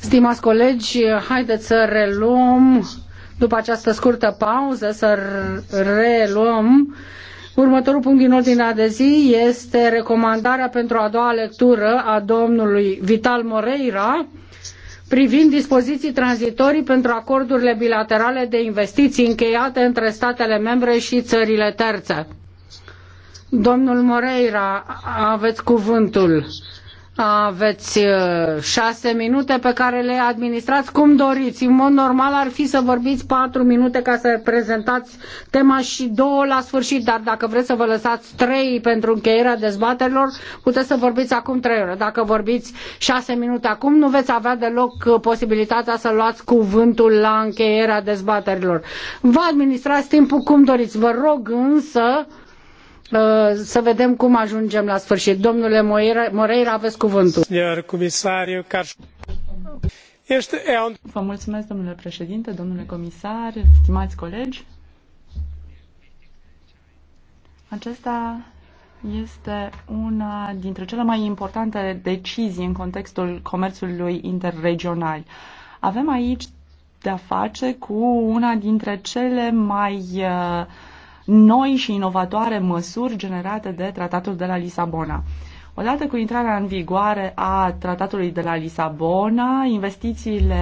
Stimați colegi, haideți să reluăm după această scurtă pauză, să reluăm. Următorul punct din ordinea de zi este recomandarea pentru a doua lectură a domnului Vital Moreira privind dispoziții tranzitorii pentru acordurile bilaterale de investiții încheiate între statele membre și țările terțe. Domnul Moreira, aveți cuvântul. Aveți uh, șase minute pe care le administrați cum doriți. În mod normal ar fi să vorbiți patru minute ca să prezentați tema și două la sfârșit, dar dacă vreți să vă lăsați trei pentru încheierea dezbaterilor, puteți să vorbiți acum trei ore. Dacă vorbiți șase minute acum, nu veți avea deloc uh, posibilitatea să luați cuvântul la încheierea dezbaterilor. Vă administrați timpul cum doriți. Vă rog însă Uh, să vedem cum ajungem la sfârșit. Domnule Moreira, aveți cuvântul. Domnule comisar, este... Vă mulțumesc, domnule președinte, domnule comisar, stimați colegi. Acesta este una dintre cele mai importante decizii în contextul comerțului interregional. Avem aici de-a face cu una dintre cele mai uh, noi și inovatoare măsuri generate de tratatul de la Lisabona. Odată cu intrarea în vigoare a tratatului de la Lisabona, investițiile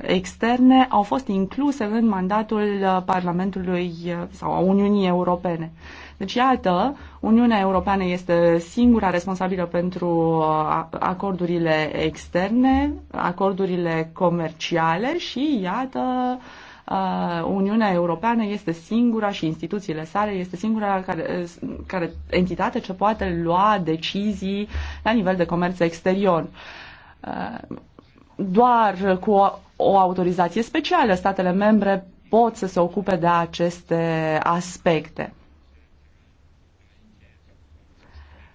externe au fost incluse în mandatul Parlamentului sau a Uniunii Europene. Deci, iată, Uniunea Europeană este singura responsabilă pentru acordurile externe, acordurile comerciale și, iată, uh, Uh, Uniunea Europeană este singura și instituțiile sale este singura care, uh, care entitate ce poate lua decizii la nivel de comerț exterior. Uh, doar cu o, o autorizație specială statele membre pot să se ocupe de aceste aspecte.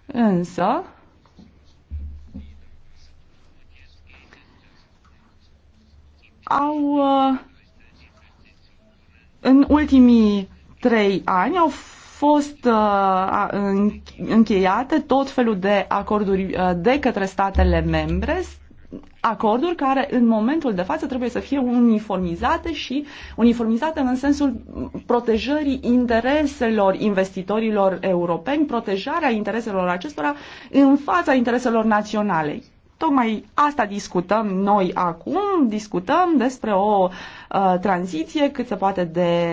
Însă, au uh, în ultimii trei ani au fost uh, încheiate tot felul de acorduri uh, de către statele membre, acorduri care în momentul de față trebuie să fie uniformizate și uniformizate în sensul protejării intereselor investitorilor europeni, protejarea intereselor acestora în fața intereselor naționale. Tocmai asta discutăm noi acum, discutăm despre o uh, tranziție cât se poate de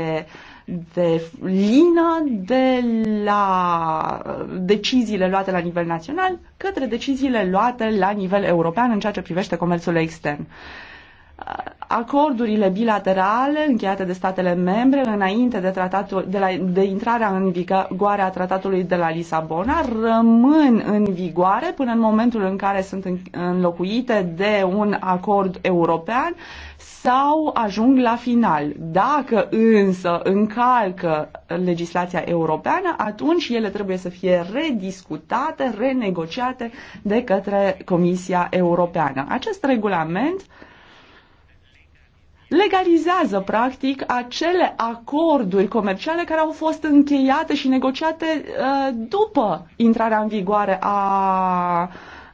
de lină de la uh, deciziile luate la nivel național către deciziile luate la nivel european în ceea ce privește comerțul extern. Uh, acordurile bilaterale încheiate de statele membre înainte de, tratatul, de, la, de intrarea în vigoare a tratatului de la Lisabona rămân în vigoare până în momentul în care sunt înlocuite de un acord european sau ajung la final. Dacă însă încalcă legislația europeană, atunci ele trebuie să fie rediscutate, renegociate de către Comisia Europeană. Acest regulament uh, legalizează practic acele acorduri comerciale care au fost încheiate și negociate uh, după intrarea în vigoare a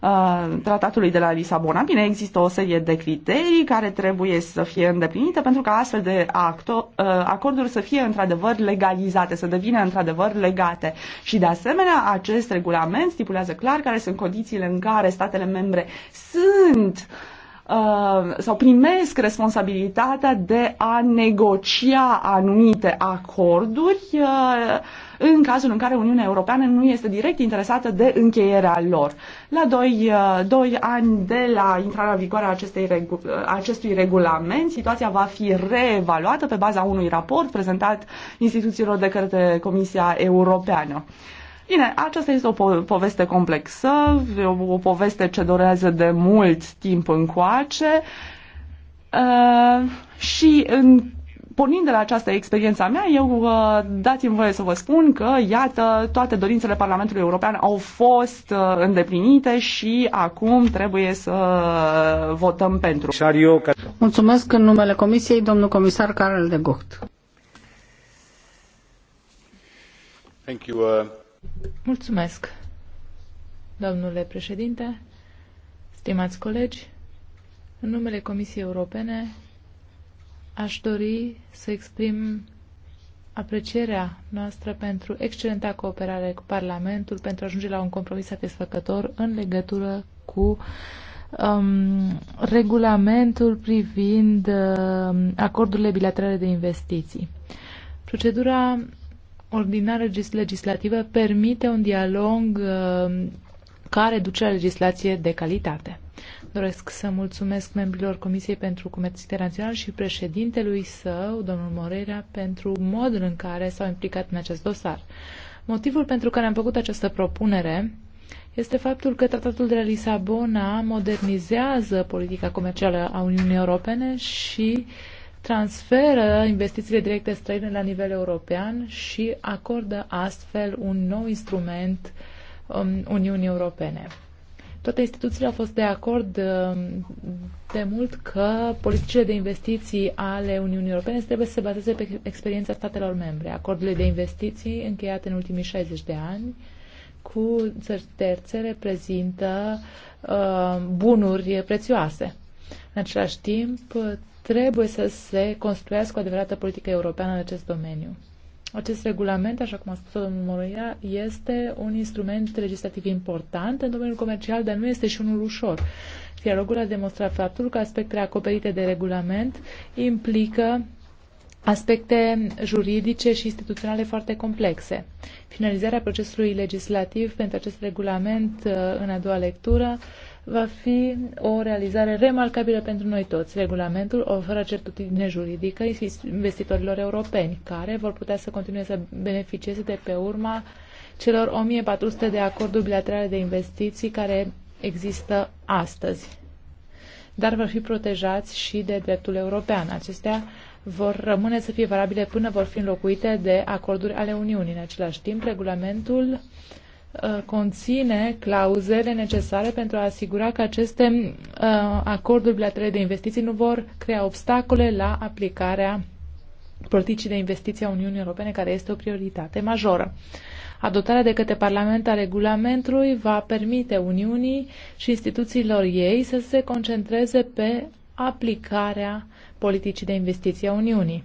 uh, tratatului de la Lisabona. Bine, există o serie de criterii care trebuie să fie îndeplinite pentru ca astfel de acto, uh, acorduri să fie într-adevăr legalizate, să devină într-adevăr legate. Și de asemenea, acest regulament stipulează clar care sunt condițiile în care statele membre sunt uh, Uh, sau primesc responsabilitatea de a negocia anumite acorduri uh, în cazul în care Uniunea Europeană nu este direct interesată de încheierea lor. La doi uh, doi ani de la intrarea în vigoare a regu- acestui regulament, situația va fi reevaluată pe baza unui raport prezentat instituțiilor de către Comisia Europeană. Bine, aceasta este o po- poveste complexă, o, o poveste ce durează de mult timp încoace uh, și în pornind de la această experiență a mea, eu uh, dați-mi voie să vă spun că, iată, toate dorințele Parlamentului European au fost uh, îndeplinite și acum trebuie să uh, votăm pentru. Mulțumesc în numele Comisiei, domnul comisar Karel de Gucht. Thank you, uh... Mulțumesc, domnule președinte, stimați colegi. În numele Comisiei Europene aș dori să exprim aprecierea noastră pentru excelenta cooperare cu Parlamentul pentru a ajunge la un compromis satisfăcător în legătură cu um, regulamentul privind uh, acordurile bilaterale de investiții. Procedura ordinară legislativă permite un dialog uh, care duce la legislație de calitate. Doresc să mulțumesc membrilor Comisiei pentru Comerț Internațional și președintelui său, domnul Morera, pentru modul în care s-au implicat în acest dosar. Motivul pentru care am făcut această propunere este faptul că Tratatul de la Lisabona modernizează politica comercială a Uniunii Europene și uh, transferă investițiile directe străine la nivel european și acordă astfel un nou instrument um, Uniunii Europene. Toate instituțiile au fost de acord um, de mult că politicile de investiții ale Uniunii Europene trebuie să se bazeze pe experiența statelor membre. Acordurile de investiții încheiate în ultimii 60 de ani cu țări terțe reprezintă uh, bunuri prețioase. În același timp, trebuie să se construiască o adevărată politică europeană în acest domeniu. Acest regulament, așa cum a spus domnul Moroia, este un instrument legislativ important în domeniul comercial, dar nu este și unul ușor. Dialogul a demonstrat faptul că aspectele acoperite de regulament implică aspecte juridice și instituționale foarte complexe. Finalizarea procesului legislativ pentru acest regulament uh, în a doua lectură va fi o realizare remarcabilă pentru noi toți. Regulamentul oferă certitudine juridică investitorilor europeni, care vor putea să continue să beneficieze de pe urma celor 1400 de acorduri bilaterale de investiții care există astăzi. Dar vor fi protejați și de dreptul european. Acestea vor rămâne să fie valabile până vor fi înlocuite de acorduri ale Uniunii. În același timp, regulamentul uh, Uh, conține clauzele necesare pentru a asigura că aceste uh, acorduri bilaterale de investiții nu vor crea obstacole la aplicarea politicii de investiții a Uniunii Europene, care este o prioritate majoră. Adoptarea de către Parlament a regulamentului va permite Uniunii și instituțiilor ei să se concentreze pe aplicarea politicii de investiții a Uniunii.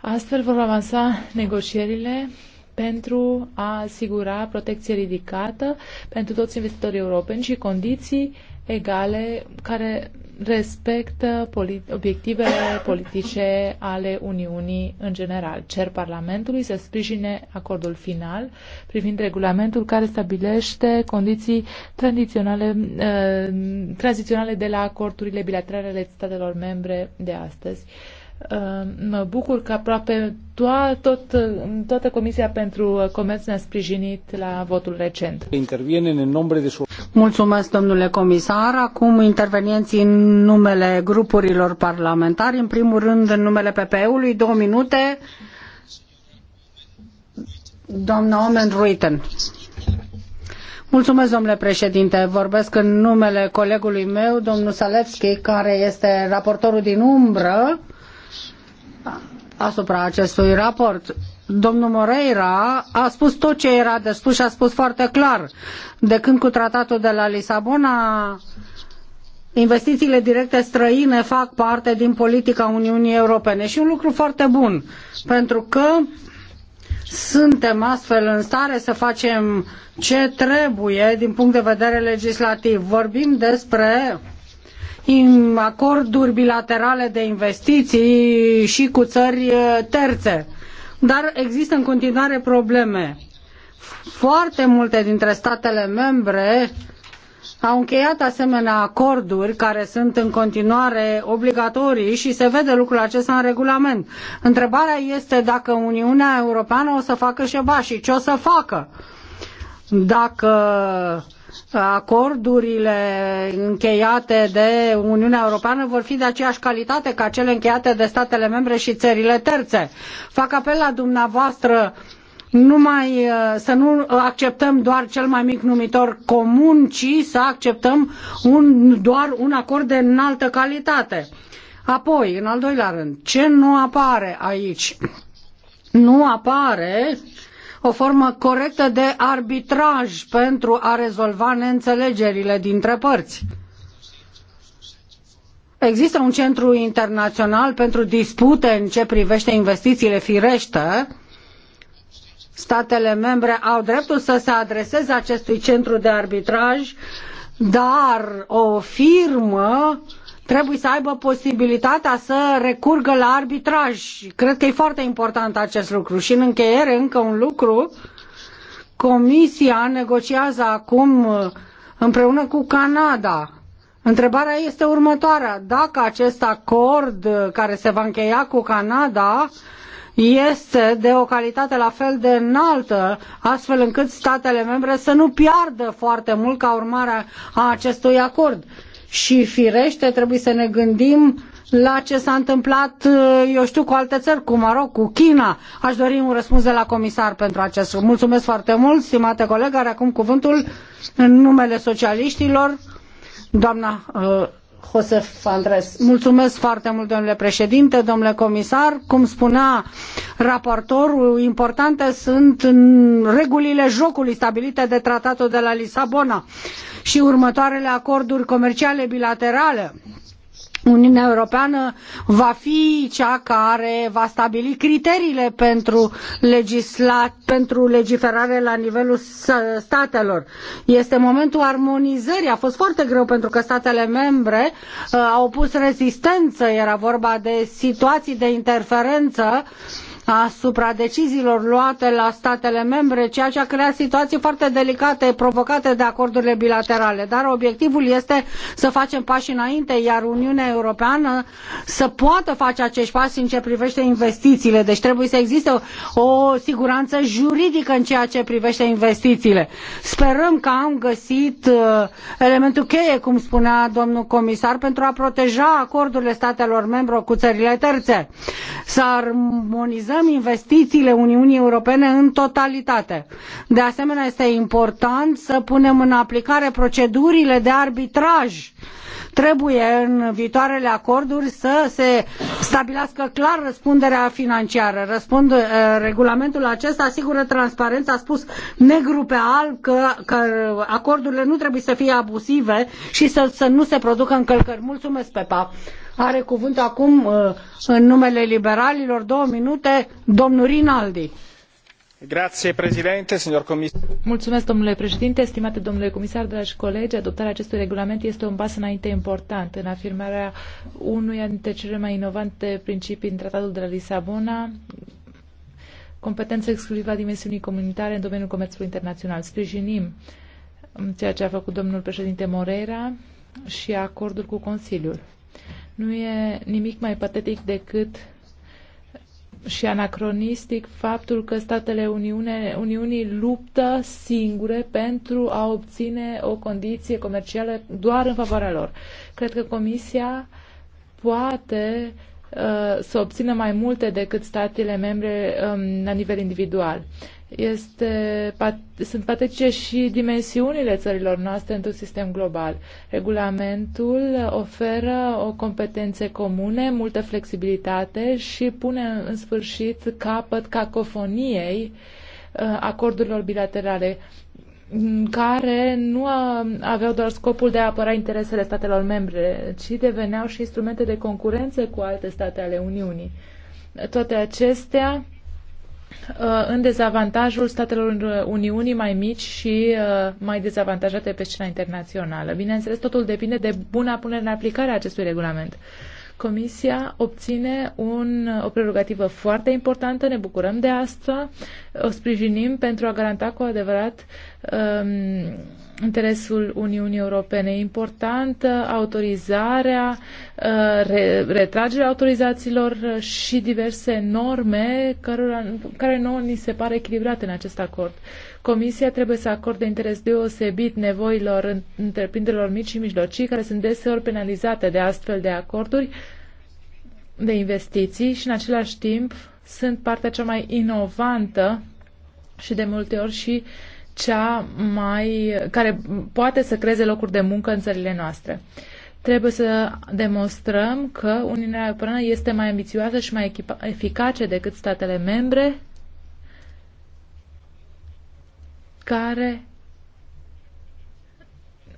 Astfel vor avansa negocierile pentru a asigura protecție ridicată pentru toți investitorii europeni și condiții egale care respectă polit- obiectivele politice ale Uniunii în general. Cer Parlamentului să sprijine acordul final privind regulamentul care stabilește condiții tradiționale, uh, eh, tranziționale de la acordurile bilaterale ale statelor membre de astăzi. Uh, Mă bucur că aproape tot, toată Comisia pentru Comerț ne-a sprijinit la votul recent. Intervine în nombre de Mulțumesc, domnule comisar. Acum intervenienții în numele grupurilor parlamentari. În primul rând, în numele PPE-ului, două minute. Doamna Omen Ruiten. Mulțumesc, domnule președinte. Vorbesc în numele colegului meu, domnul Salevski, care este raportorul din umbră asupra acestui raport. Domnul Moreira a spus tot ce era de spus și a spus foarte clar. De când cu tratatul de la Lisabona, investițiile directe străine fac parte din politica Uniunii Europene și un lucru foarte bun, pentru că suntem astfel în stare să facem ce trebuie din punct de vedere legislativ. Vorbim despre acorduri bilaterale de investiții și cu țări uh, terțe. Dar există în continuare probleme. Foarte multe dintre statele membre au încheiat asemenea acorduri care sunt în continuare obligatorii și se vede lucrul acesta în regulament. Întrebarea este dacă Uniunea Europeană o să facă și ce o să facă dacă uh, acordurile încheiate de Uniunea Europeană vor fi de aceeași calitate ca cele încheiate de statele membre și țările terțe. Fac apel la dumneavoastră numai uh, să nu acceptăm doar cel mai mic numitor comun, ci să acceptăm un, doar un acord de înaltă calitate. Apoi, în al doilea rând, ce nu apare aici? Nu apare uh, o formă corectă de arbitraj pentru a rezolva neînțelegerile dintre părți. Există un centru internațional pentru dispute în ce privește investițiile firește. Statele membre au dreptul să se adreseze acestui centru de arbitraj, dar o firmă uh, trebuie să aibă posibilitatea să recurgă la arbitraj. Cred că e foarte important acest lucru. Și în încheiere, încă un lucru, Comisia negociază acum uh, împreună cu Canada. Întrebarea este următoarea. Dacă acest acord uh, care se va încheia cu Canada este de o calitate la fel de înaltă, astfel încât statele membre să nu piardă foarte mult ca urmare a acestui acord și firește trebuie să ne gândim la ce s-a întâmplat, uh, eu știu, cu alte țări, cu Maroc, cu China. Aș dori un răspuns de la comisar pentru acest lucru. Mulțumesc foarte mult, stimate coleg, are acum cuvântul în numele socialiștilor, doamna uh, Josef Andres. Mulțumesc foarte mult, domnule președinte, domnule comisar. Cum spunea raportorul, importante sunt regulile jocului stabilite de tratatul de la Lisabona și următoarele acorduri comerciale bilaterale Uniunea Europeană va fi cea care va stabili criteriile pentru, legislat, pentru legiferare la nivelul statelor. Este momentul armonizării. A fost foarte greu pentru că statele membre uh, au opus rezistență. Era vorba de situații de interferență uh, asupra deciziilor luate la statele membre, ceea ce a creat situații foarte delicate provocate de acordurile bilaterale. Dar obiectivul este să facem pași înainte, iar Uniunea Europeană să poată face acești pași în ce privește investițiile. Deci trebuie să existe o, o siguranță juridică în ceea ce privește investițiile. Sperăm că am găsit uh, elementul cheie, cum spunea domnul comisar, pentru a proteja acordurile statelor membre cu țările terțe. Să armonizăm coordonăm investițiile Uniunii Europene în totalitate. De asemenea, este important să punem în aplicare procedurile de arbitraj uh, trebuie în viitoarele acorduri să se stabilească clar răspunderea financiară. Răspund, eh, regulamentul acesta asigură transparența, a spus negru pe alb că, că acordurile nu trebuie să fie abusive și să, să nu se producă încălcări. Mulțumesc, Pepa. Are cuvânt acum eh, în numele liberalilor două minute domnul Rinaldi. Mulțumesc, domnule președinte domnule comisar colegi adoptarea acestui regulament este un pas înainte important în afirmarea unuia dintre cele mai inovante principii din tratatul de la lisabona competența exclusivă a dimensiunii comunitare în domeniul comerțului internațional. sprijinim ceea ce a făcut domnul președinte moreira și acordul cu consiliul. nu e nimic mai patetic decât și anacronistic faptul că statele Uniune, Uniunii luptă singure pentru a obține o condiție comercială doar în favoarea lor. Cred că Comisia poate uh, să obțină mai multe decât statele membre um, la nivel individual este, pat, sunt patetice și dimensiunile țărilor noastre într-un sistem global. Regulamentul oferă o competențe comune, multă flexibilitate și pune în sfârșit capăt cacofoniei uh, acordurilor bilaterale care nu aveau doar scopul de a apăra interesele statelor membre, ci deveneau și instrumente de concurență cu alte state ale Uniunii. Toate acestea Uh, în dezavantajul statelor Uniunii mai mici și uh, mai dezavantajate pe scena internațională. Bineînțeles, totul depinde de buna punere în aplicare a acestui regulament. Comisia obține un, o prerogativă foarte importantă, ne bucurăm de asta, o sprijinim pentru a garanta cu adevărat um, interesul Uniunii Europene. E importantă autorizarea, uh, retragerea autorizațiilor și diverse norme care nu ni se pare echilibrate în acest acord. Comisia trebuie să acorde interes deosebit nevoilor întreprinderilor mici și mijlocii, care sunt deseori penalizate de astfel de acorduri de investiții și în același timp sunt partea cea mai inovantă și de multe ori și uh, cea mai, care poate să creeze locuri de muncă în țările noastre. Trebuie să demonstrăm că Uniunea Europeană este mai ambițioasă și mai eficace decât statele membre care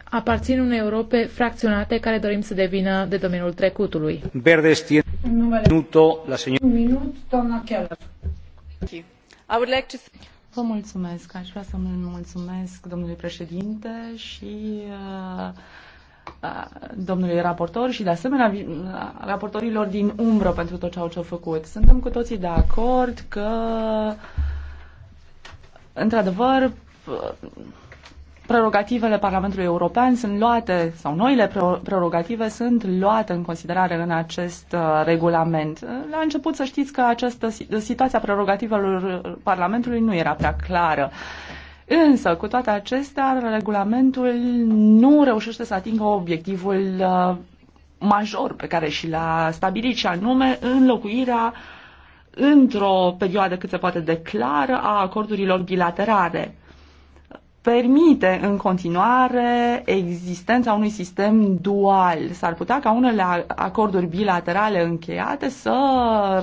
aparțin unei Europe fracționate care dorim să devină de domeniul trecutului. Verde este minuto, la señora... Un minut, doamna Keller. I would like to... Vă mulțumesc. Aș vrea să-mi mulțumesc domnului președinte și uh, uh, domnului raportor și de asemenea uh, raportorilor din umbră pentru tot ce au ce-au făcut. Suntem cu toții de acord că într-adevăr prerogativele Parlamentului European sunt luate, sau noile prerogative sunt luate în considerare în acest uh, regulament. La început să știți că această situația prerogativelor uh, Parlamentului nu era prea clară. Însă, cu toate acestea, regulamentul nu reușește să atingă obiectivul uh, major pe care și l-a stabilit, și anume înlocuirea într-o perioadă cât se poate de a acordurilor bilaterale permite în continuare existența unui sistem dual. S-ar putea ca unele acorduri bilaterale încheiate să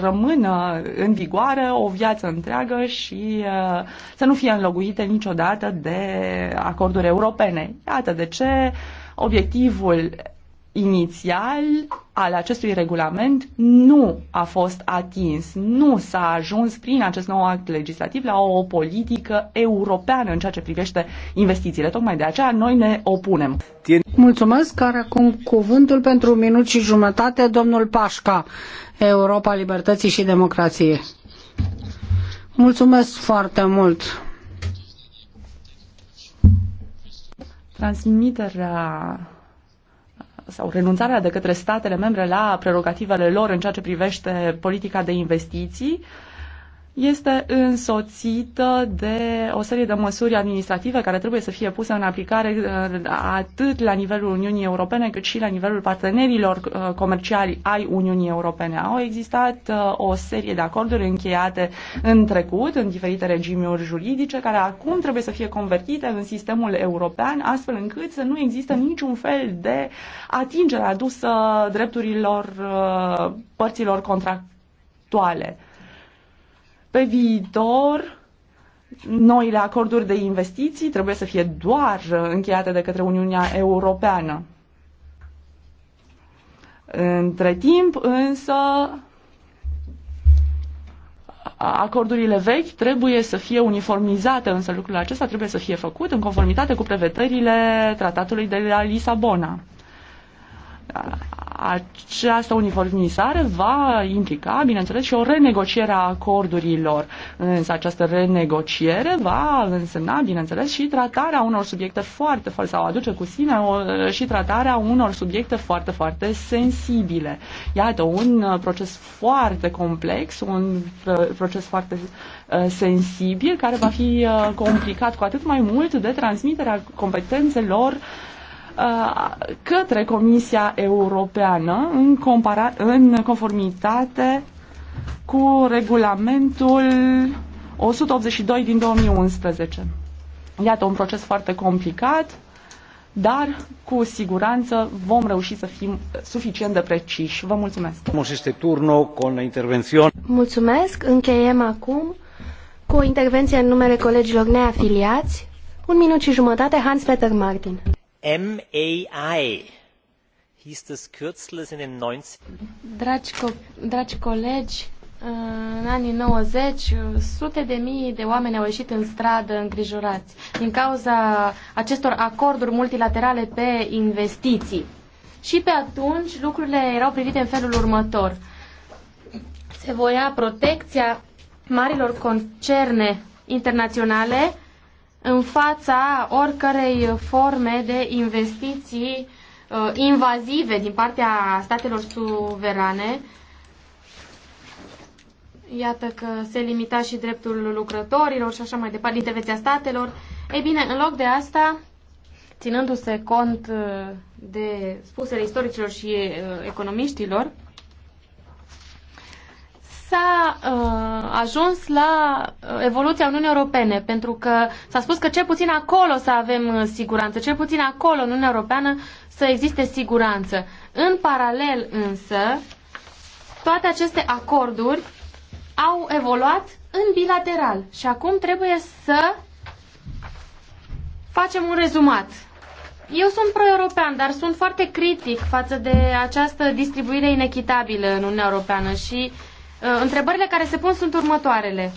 rămână în vigoare o viață întreagă și uh, să nu fie înlocuite niciodată de acorduri europene. Iată de ce obiectivul inițial al acestui regulament nu a fost atins, nu s-a ajuns prin acest nou act legislativ la o politică europeană în ceea ce privește investițiile. Tocmai de aceea noi ne opunem. Mulțumesc, care acum cuvântul pentru un minut și jumătate, domnul Pașca, Europa Libertății și Democrației. Mulțumesc foarte mult. Transmiterea sau renunțarea de către statele membre la prerogativele lor în ceea ce privește politica de investiții uh, este însoțită de o serie de măsuri administrative care trebuie să fie puse în aplicare uh, atât la nivelul Uniunii Europene cât și la nivelul partenerilor uh, comerciali ai Uniunii Europene. Au existat uh, o serie de acorduri încheiate în trecut, în diferite regimuri juridice, care acum trebuie să fie convertite în sistemul european, astfel încât să nu există niciun fel de atingere adusă drepturilor părților contractuale pe viitor, noile acorduri de investiții trebuie să fie doar încheiate de către Uniunea Europeană. Între timp, însă, acordurile vechi trebuie să fie uniformizate, însă lucrul acesta trebuie să fie făcut în conformitate cu prevederile tratatului de la Lisabona această uniformizare va implica, bineînțeles, și o renegociere a acordurilor. Însă această renegociere va însemna, bineînțeles, și tratarea unor subiecte foarte, foarte sau aduce cu sine o, și tratarea unor subiecte foarte, foarte sensibile. Iată, un proces foarte complex, un proces foarte uh, sensibil, care va fi uh, complicat cu atât mai mult de transmiterea competențelor uh, Uh, către Comisia Europeană în, compara- în conformitate cu regulamentul 182 din 2011. Iată un proces foarte complicat, dar cu siguranță vom reuși să fim suficient de preciși. Vă mulțumesc. Mulțumesc. Încheiem acum cu o intervenție în numele colegilor neafiliați. Un minut și jumătate, Hans Peter Martin. MAI hieß das Kürzel in den 90 Dragi, co- dragi colegi, în anii 90, sute de mii de oameni au ieșit în stradă îngrijorați din cauza acestor acorduri multilaterale pe investiții. Și pe atunci lucrurile erau privite în felul următor. Se voia protecția marilor concerne internaționale în fața oricărei forme de investiții uh, invazive din partea statelor suverane. Iată că se limita și dreptul lucrătorilor și așa mai departe, intervenția statelor. Ei bine, în loc de asta, ținându-se cont uh, de spusele istoricilor și uh, economiștilor, s-a uh, ajuns la uh, evoluția Uniunii Europene, pentru că s-a spus că cel puțin acolo să avem uh, siguranță, cel puțin acolo în Uniunea Europeană să existe siguranță. În paralel însă, toate aceste acorduri au evoluat în bilateral și acum trebuie să facem un rezumat. Eu sunt pro-european, dar sunt foarte critic față de această distribuire inechitabilă în Uniunea Europeană și uh, Uh, întrebările care se pun sunt următoarele.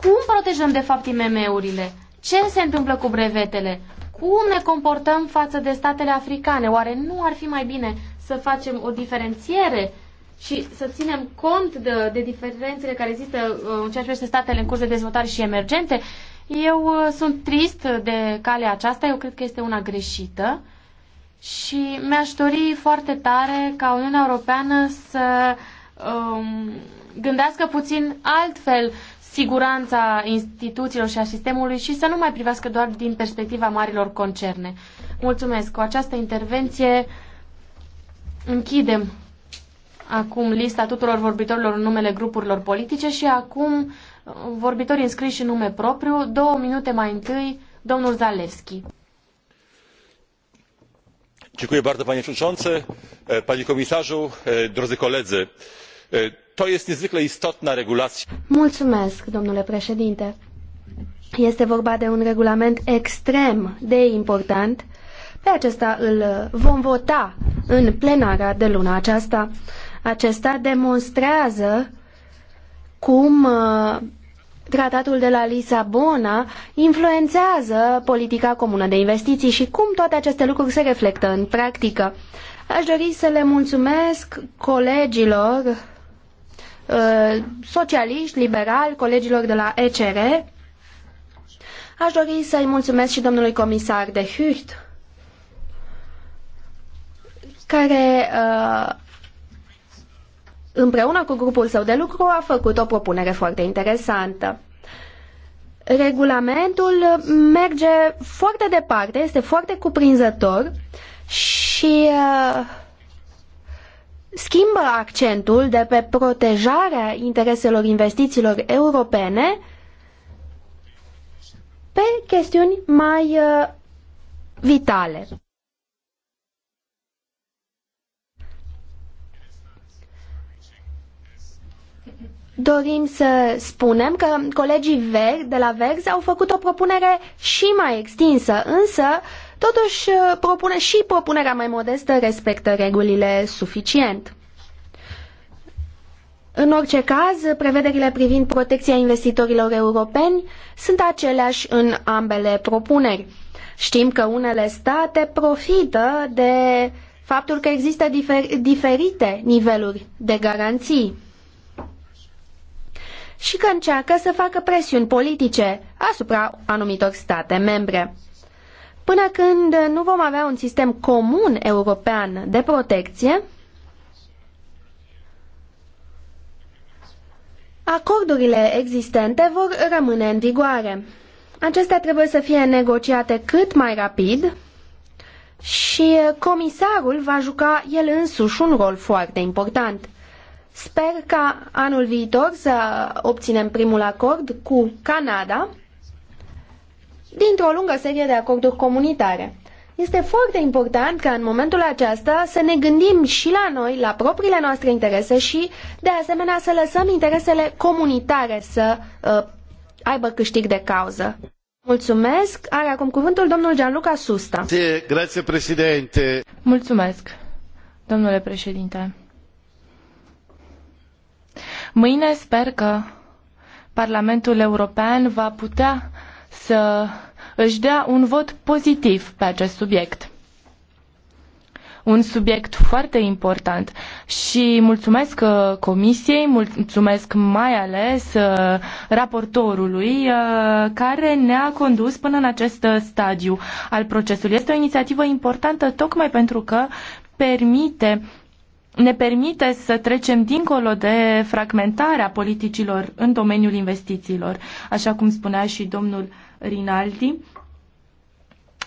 Cum protejăm de fapt IMM-urile? Ce se întâmplă cu brevetele? Cum ne comportăm față de statele africane? Oare nu ar fi mai bine să facem o diferențiere și să ținem cont de, de diferențele care există uh, în ceea ce privește statele în curs de dezvoltare și emergente? Eu uh, sunt trist de calea aceasta, eu cred că este una greșită și mi-aș dori foarte tare ca Uniunea Europeană să um, gândească puțin altfel siguranța instituțiilor și a sistemului și să nu mai privească doar din perspectiva marilor concerne. Mulțumesc. Cu această intervenție închidem acum lista tuturor vorbitorilor în numele grupurilor politice și acum uh, vorbitorii înscriși în nume propriu. Două minute mai întâi, domnul Zalewski. Dziękuję bardzo panie przewodniczący, panie komisarzu, drodzy koledzy. To jest niezwykle istotna regulacja. Mulțumesc, domnule președinte. Este vorba de un regulament extrem de important. Pe acesta îl vom vota în plenara de luna aceasta. Acesta demonstrează cum uh, Tratatul de la Lisabona influențează politica comună de investiții și cum toate aceste lucruri se reflectă în practică. Aș dori să le mulțumesc colegilor Uh, socialiști, liberali, colegilor de la ECR. Aș dori să-i mulțumesc și domnului comisar de Hürt, care uh, împreună cu grupul său de lucru a făcut o propunere foarte interesantă. Regulamentul merge foarte departe, este foarte cuprinzător și uh, schimbă accentul de pe protejarea intereselor investițiilor europene pe chestiuni mai uh, vitale. dorim să spunem că colegii Ver, de la Verzi au făcut o propunere și mai extinsă, însă Totuși, uh, propune și propunerea mai modestă respectă regulile suficient. În orice caz, prevederile privind protecția investitorilor europeni sunt aceleași în ambele propuneri. Știm că unele state profită de faptul că există difer diferite niveluri de garanții și că încearcă să facă presiuni politice asupra anumitor state membre. Până când nu vom avea un sistem comun european de protecție, acordurile existente vor rămâne în vigoare. Acestea trebuie să fie negociate cât mai rapid și comisarul va juca el însuși un rol foarte important. Sper ca anul viitor să obținem primul acord cu Canada dintr-o lungă serie de acorduri comunitare. Este foarte important ca în momentul acesta să ne gândim și la noi, la propriile noastre interese și, de asemenea, să lăsăm interesele comunitare să uh, aibă câștig de cauză. Mulțumesc. Are acum cuvântul domnul Gianluca Susta. Grazie, președinte. Mulțumesc, domnule președinte. Mâine sper că Parlamentul European va putea să își dea un vot pozitiv pe acest subiect. Un subiect foarte important și mulțumesc uh, comisiei, mulțumesc mai ales uh, raportorului uh, care ne-a condus până în acest stadiu al procesului. Este o inițiativă importantă tocmai pentru că permite ne permite să trecem dincolo de fragmentarea politicilor în domeniul investițiilor, așa cum spunea și domnul Rinaldi.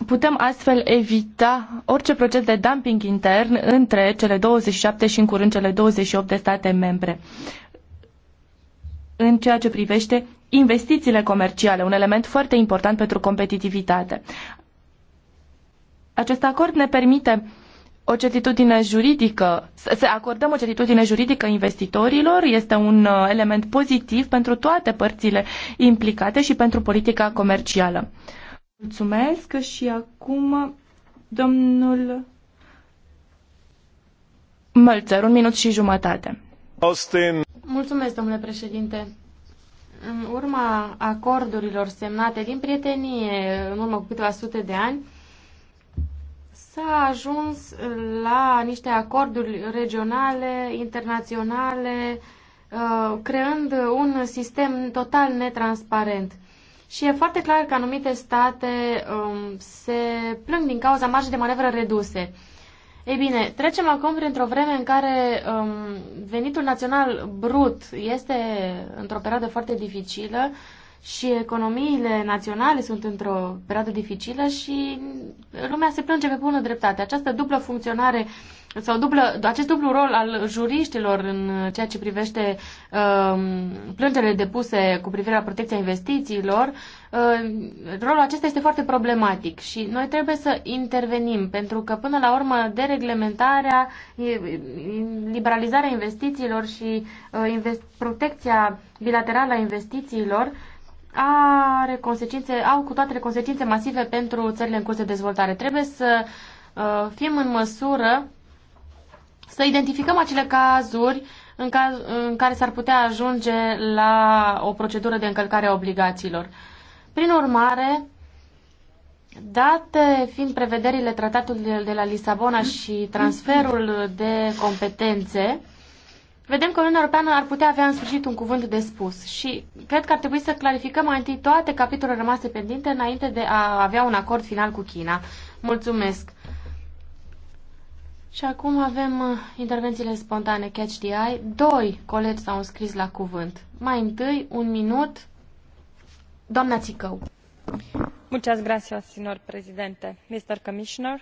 Putem astfel evita orice proces de dumping intern între cele 27 și în curând cele 28 de state membre în ceea ce privește investițiile comerciale, un element foarte important pentru competitivitate. Acest acord ne permite o certitudine juridică, să acordăm o certitudine juridică investitorilor este un uh, element pozitiv pentru toate părțile implicate și pentru politica comercială. Mulțumesc și acum domnul Mălțăr, un minut și jumătate. Austin. Mulțumesc, domnule președinte. În urma acordurilor semnate din prietenie în urmă cu câteva sute de ani, s-a ajuns la niște acorduri regionale, internaționale, uh, creând un sistem total netransparent. Și e foarte clar că anumite state um, se plâng din cauza marjei de manevră reduse. Ei bine, trecem acum printr-o vreme în care um, venitul național brut este într-o perioadă foarte dificilă, și economiile naționale sunt într-o perioadă dificilă și lumea se plânge pe bună dreptate. Această dublă funcționare sau dublă, acest dublu rol al juriștilor în ceea ce privește um, plângerile depuse cu privire la protecția investițiilor, uh, rolul acesta este foarte problematic și noi trebuie să intervenim pentru că până la urmă dereglementarea, liberalizarea investițiilor și uh, invest- protecția bilaterală a investițiilor uh, are consecințe, au cu toate consecințe masive pentru țările în curs de dezvoltare. Trebuie să uh, fim în măsură să identificăm acele cazuri în, caz, în care s-ar putea ajunge la o procedură de încălcare a obligațiilor. Prin urmare, date fiind prevederile tratatului de la Lisabona și transferul de competențe, vedem că Uniunea Europeană ar putea avea în sfârșit un cuvânt de spus și cred că ar trebui să clarificăm mai întâi toate capitolele rămase pendinte înainte de a avea un acord final cu China. Mulțumesc! Și acum avem uh, intervențiile spontane Catch the Eye. Doi colegi s-au înscris la cuvânt. Mai întâi, un minut, doamna Țicău. Muchas gracias, señor presidente. Mr. Commissioner,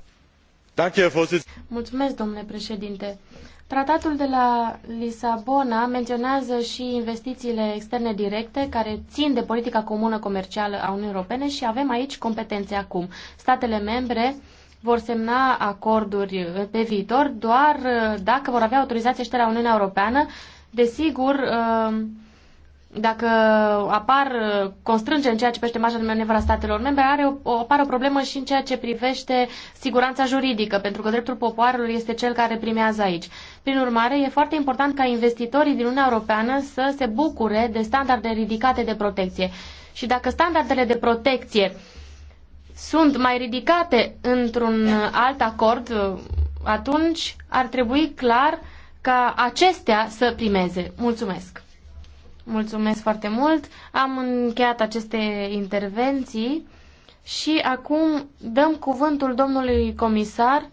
Mulțumesc, domnule președinte. Tratatul de la Lisabona menționează și investițiile externe directe care in de politica comună comercială a Uniunii Europene și avem aici competențe acum. Statele membre vor semna acorduri pe viitor doar uh, dacă vor avea de șterea Uniunea Europeană, desigur uh, dacă apar constrângeri în ceea ce privește marja de manevră a statelor membre, are o, apare o problemă și în ceea ce privește siguranța juridică, pentru că dreptul popoarelor este cel care primează aici. Prin urmare, e foarte important ca investitorii din Uniunea Europeană să se bucure de standarde ridicate de protecție. Și dacă standardele de protecție sunt mai ridicate într-un alt acord, atunci ar trebui clar ca acestea să primeze. Mulțumesc! Mulțumesc foarte mult. Am încheiat aceste intervenții și acum dăm cuvântul domnului comisar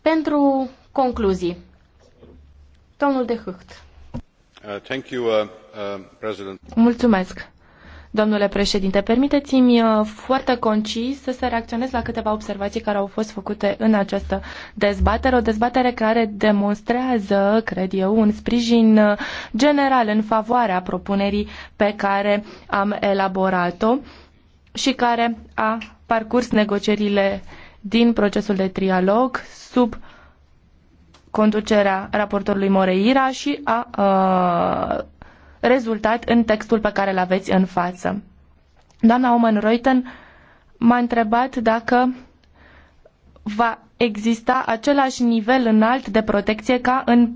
pentru concluzii. Domnul de Hucht. Uh, thank you, uh, uh, Mulțumesc. Domnule președinte, permiteți-mi uh, foarte concis să, reacționez la câteva observații care au fost făcute în această dezbatere, o dezbatere care demonstrează, cred eu, un sprijin uh, general în favoarea propunerii pe care am elaborat-o și care a parcurs negocierile din procesul de trialog sub conducerea raportorului Moreira și a uh, rezultat în textul pe care îl aveți în față. Doamna Oman Reuten m-a întrebat dacă va exista același nivel înalt de protecție ca în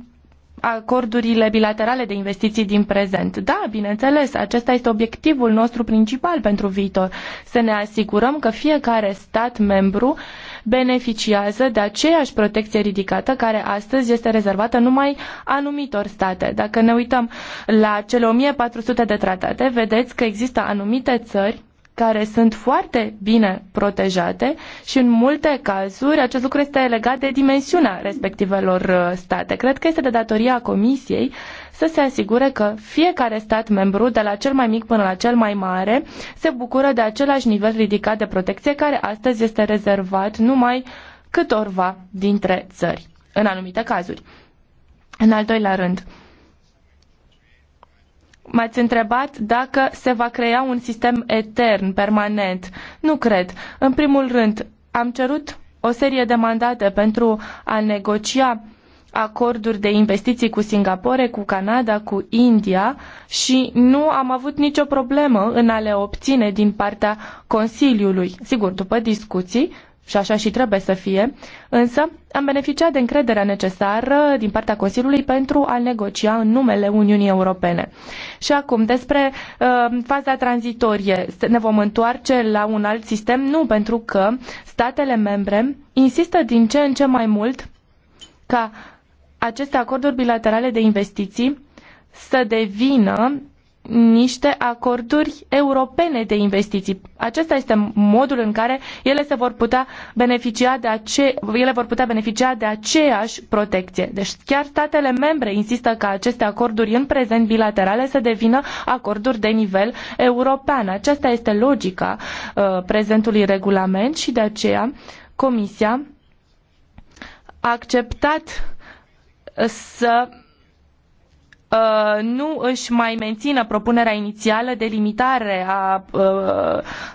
acordurile bilaterale de investiții din prezent. Da, bineînțeles, acesta este obiectivul nostru principal pentru viitor, să ne asigurăm că fiecare stat membru uh, beneficiază de aceeași protecție ridicată care astăzi este rezervată numai anumitor state. Dacă ne uităm la cele 1400 de tratate, vedeți că există anumite țări care sunt foarte bine protejate și în multe cazuri acest lucru este legat de dimensiunea respectivelor uh, state. Cred că este de datoria Comisiei să se asigure că fiecare stat membru, de la cel mai mic până la cel mai mare, se bucură de același nivel ridicat de protecție care astăzi este rezervat numai câtorva dintre țări, în anumite cazuri. În al doilea rând, M-ați întrebat dacă se va crea un sistem etern, permanent. Nu cred. În primul rând, am cerut o serie de mandate pentru a negocia acorduri de investiții cu Singapore, cu Canada, cu India și nu am avut nicio problemă în a le obține din partea Consiliului. Sigur, după discuții, și așa și trebuie să fie, însă am beneficiat de încrederea necesară din partea Consiliului pentru a negocia în numele Uniunii Europene. Și acum, despre uh, faza tranzitorie, ne vom întoarce la un alt sistem? Nu, pentru că statele membre insistă din ce în ce mai mult ca aceste acorduri bilaterale de investiții să devină niște acorduri europene de investiții. Acesta este modul în care ele se vor putea beneficia de ace- ele vor putea beneficia de aceeași protecție. Deci chiar statele membre insistă ca aceste acorduri în prezent bilaterale să devină acorduri de nivel european. Aceasta este logica uh, prezentului regulament și de aceea Comisia a acceptat să Uh, nu își mai mențină propunerea inițială de limitare a uh,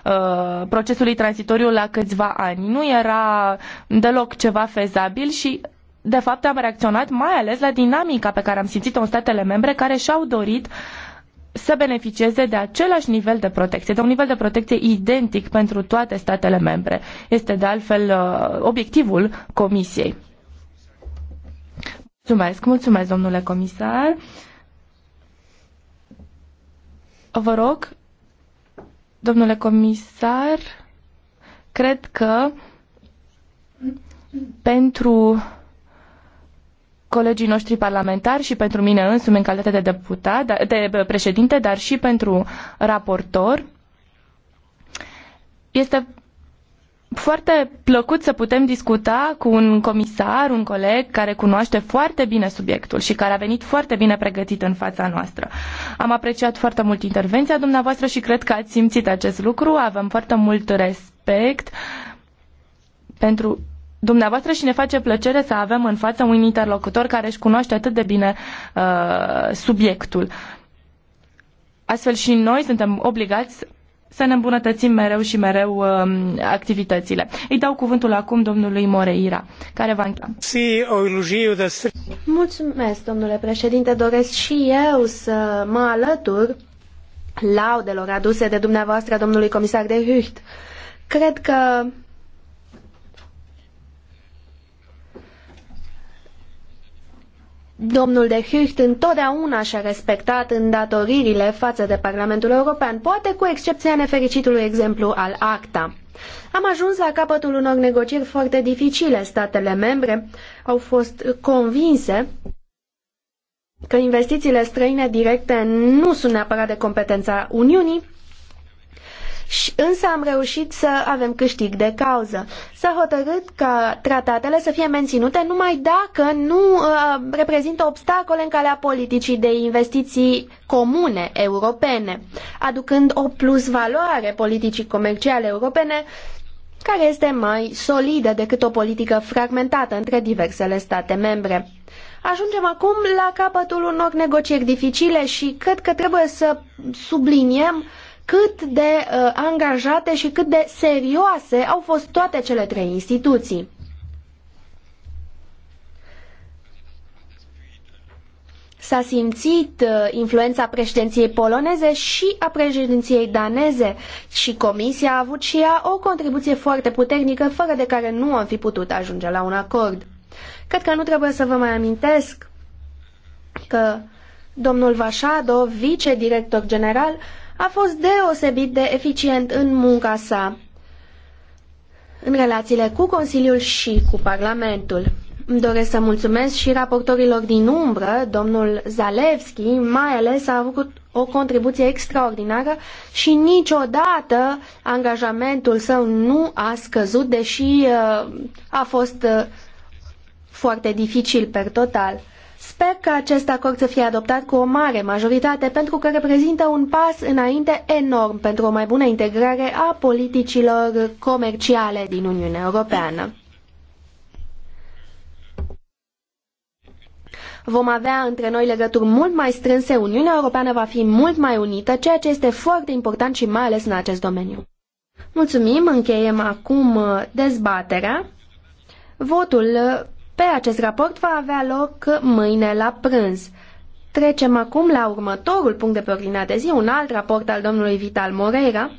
uh, procesului tranzitoriu la câțiva ani. Nu era deloc ceva fezabil și de fapt am reacționat mai ales la dinamica pe care am simțit-o în statele membre care și-au dorit să beneficieze de același nivel de protecție, de un nivel de protecție identic pentru toate statele membre. Este de altfel obiectivul Comisiei. Mulțumesc, mulțumesc, domnule comisar. Vă rog, domnule comisar, cred că pentru colegii noștri parlamentari și pentru mine însumi în calitate de deputat, da, de președinte, dar și pentru raportor, este foarte plăcut să putem discuta cu un comisar, un coleg care cunoaște foarte bine subiectul și care a venit foarte bine pregătit în fața noastră. Am apreciat foarte mult intervenția dumneavoastră și cred că ați simțit acest lucru. Avem foarte mult respect pentru dumneavoastră și ne face plăcere să avem în față un interlocutor care își cunoaște atât de bine uh, subiectul. Astfel și noi suntem obligați să ne îmbunătățim mereu și mereu um, activitățile. Îi dau cuvântul acum domnului Moreira, care va încheia. Mulțumesc, domnule președinte. Doresc și eu să mă alătur laudelor aduse de dumneavoastră, domnului comisar de Hucht. Cred că Domnul de Hucht întotdeauna și-a respectat îndatoririle față de Parlamentul European, poate cu excepția nefericitului exemplu al ACTA. Am ajuns la capătul unor negocieri foarte dificile. Statele membre au fost convinse că investițiile străine directe nu sunt neapărat de competența Uniunii și însă am reușit să avem câștig de cauză. S-a hotărât ca tratatele să fie menținute numai dacă nu uh, reprezintă obstacole în calea politicii de investiții comune europene, aducând o plusvaloare politicii comerciale europene care este mai solidă decât o politică fragmentată între diversele state membre. Ajungem acum la capătul unor negocieri dificile și cred că trebuie să subliniem cât de uh, angajate și cât de serioase au fost toate cele trei instituții. S-a simțit uh, influența președinției poloneze și a președinției daneze și Comisia a avut și ea o contribuție foarte puternică, fără de care nu am fi putut ajunge la un acord. Cred că nu trebuie să vă mai amintesc că domnul Vașado, director general, uh, a fost deosebit de eficient în munca sa în relațiile cu Consiliul și cu Parlamentul. Îmi doresc să mulțumesc și raportorilor din umbră, domnul Zalewski, mai ales a avut o contribuție extraordinară și niciodată angajamentul său nu a scăzut, deși uh, a fost uh, foarte dificil per total. Sper că acest acord să fie adoptat cu o mare majoritate pentru că reprezintă un pas înainte enorm pentru o mai bună integrare a politicilor comerciale din Uniunea Europeană. Vom avea între noi legături mult mai strânse, Uniunea Europeană va fi mult mai unită, ceea ce este foarte important și mai ales în acest domeniu. Mulțumim, încheiem acum dezbaterea. Votul pe acest raport va avea loc mâine la prânz. Trecem acum la următorul punct de pe ordinea de zi, un alt raport al domnului Vital Moreira,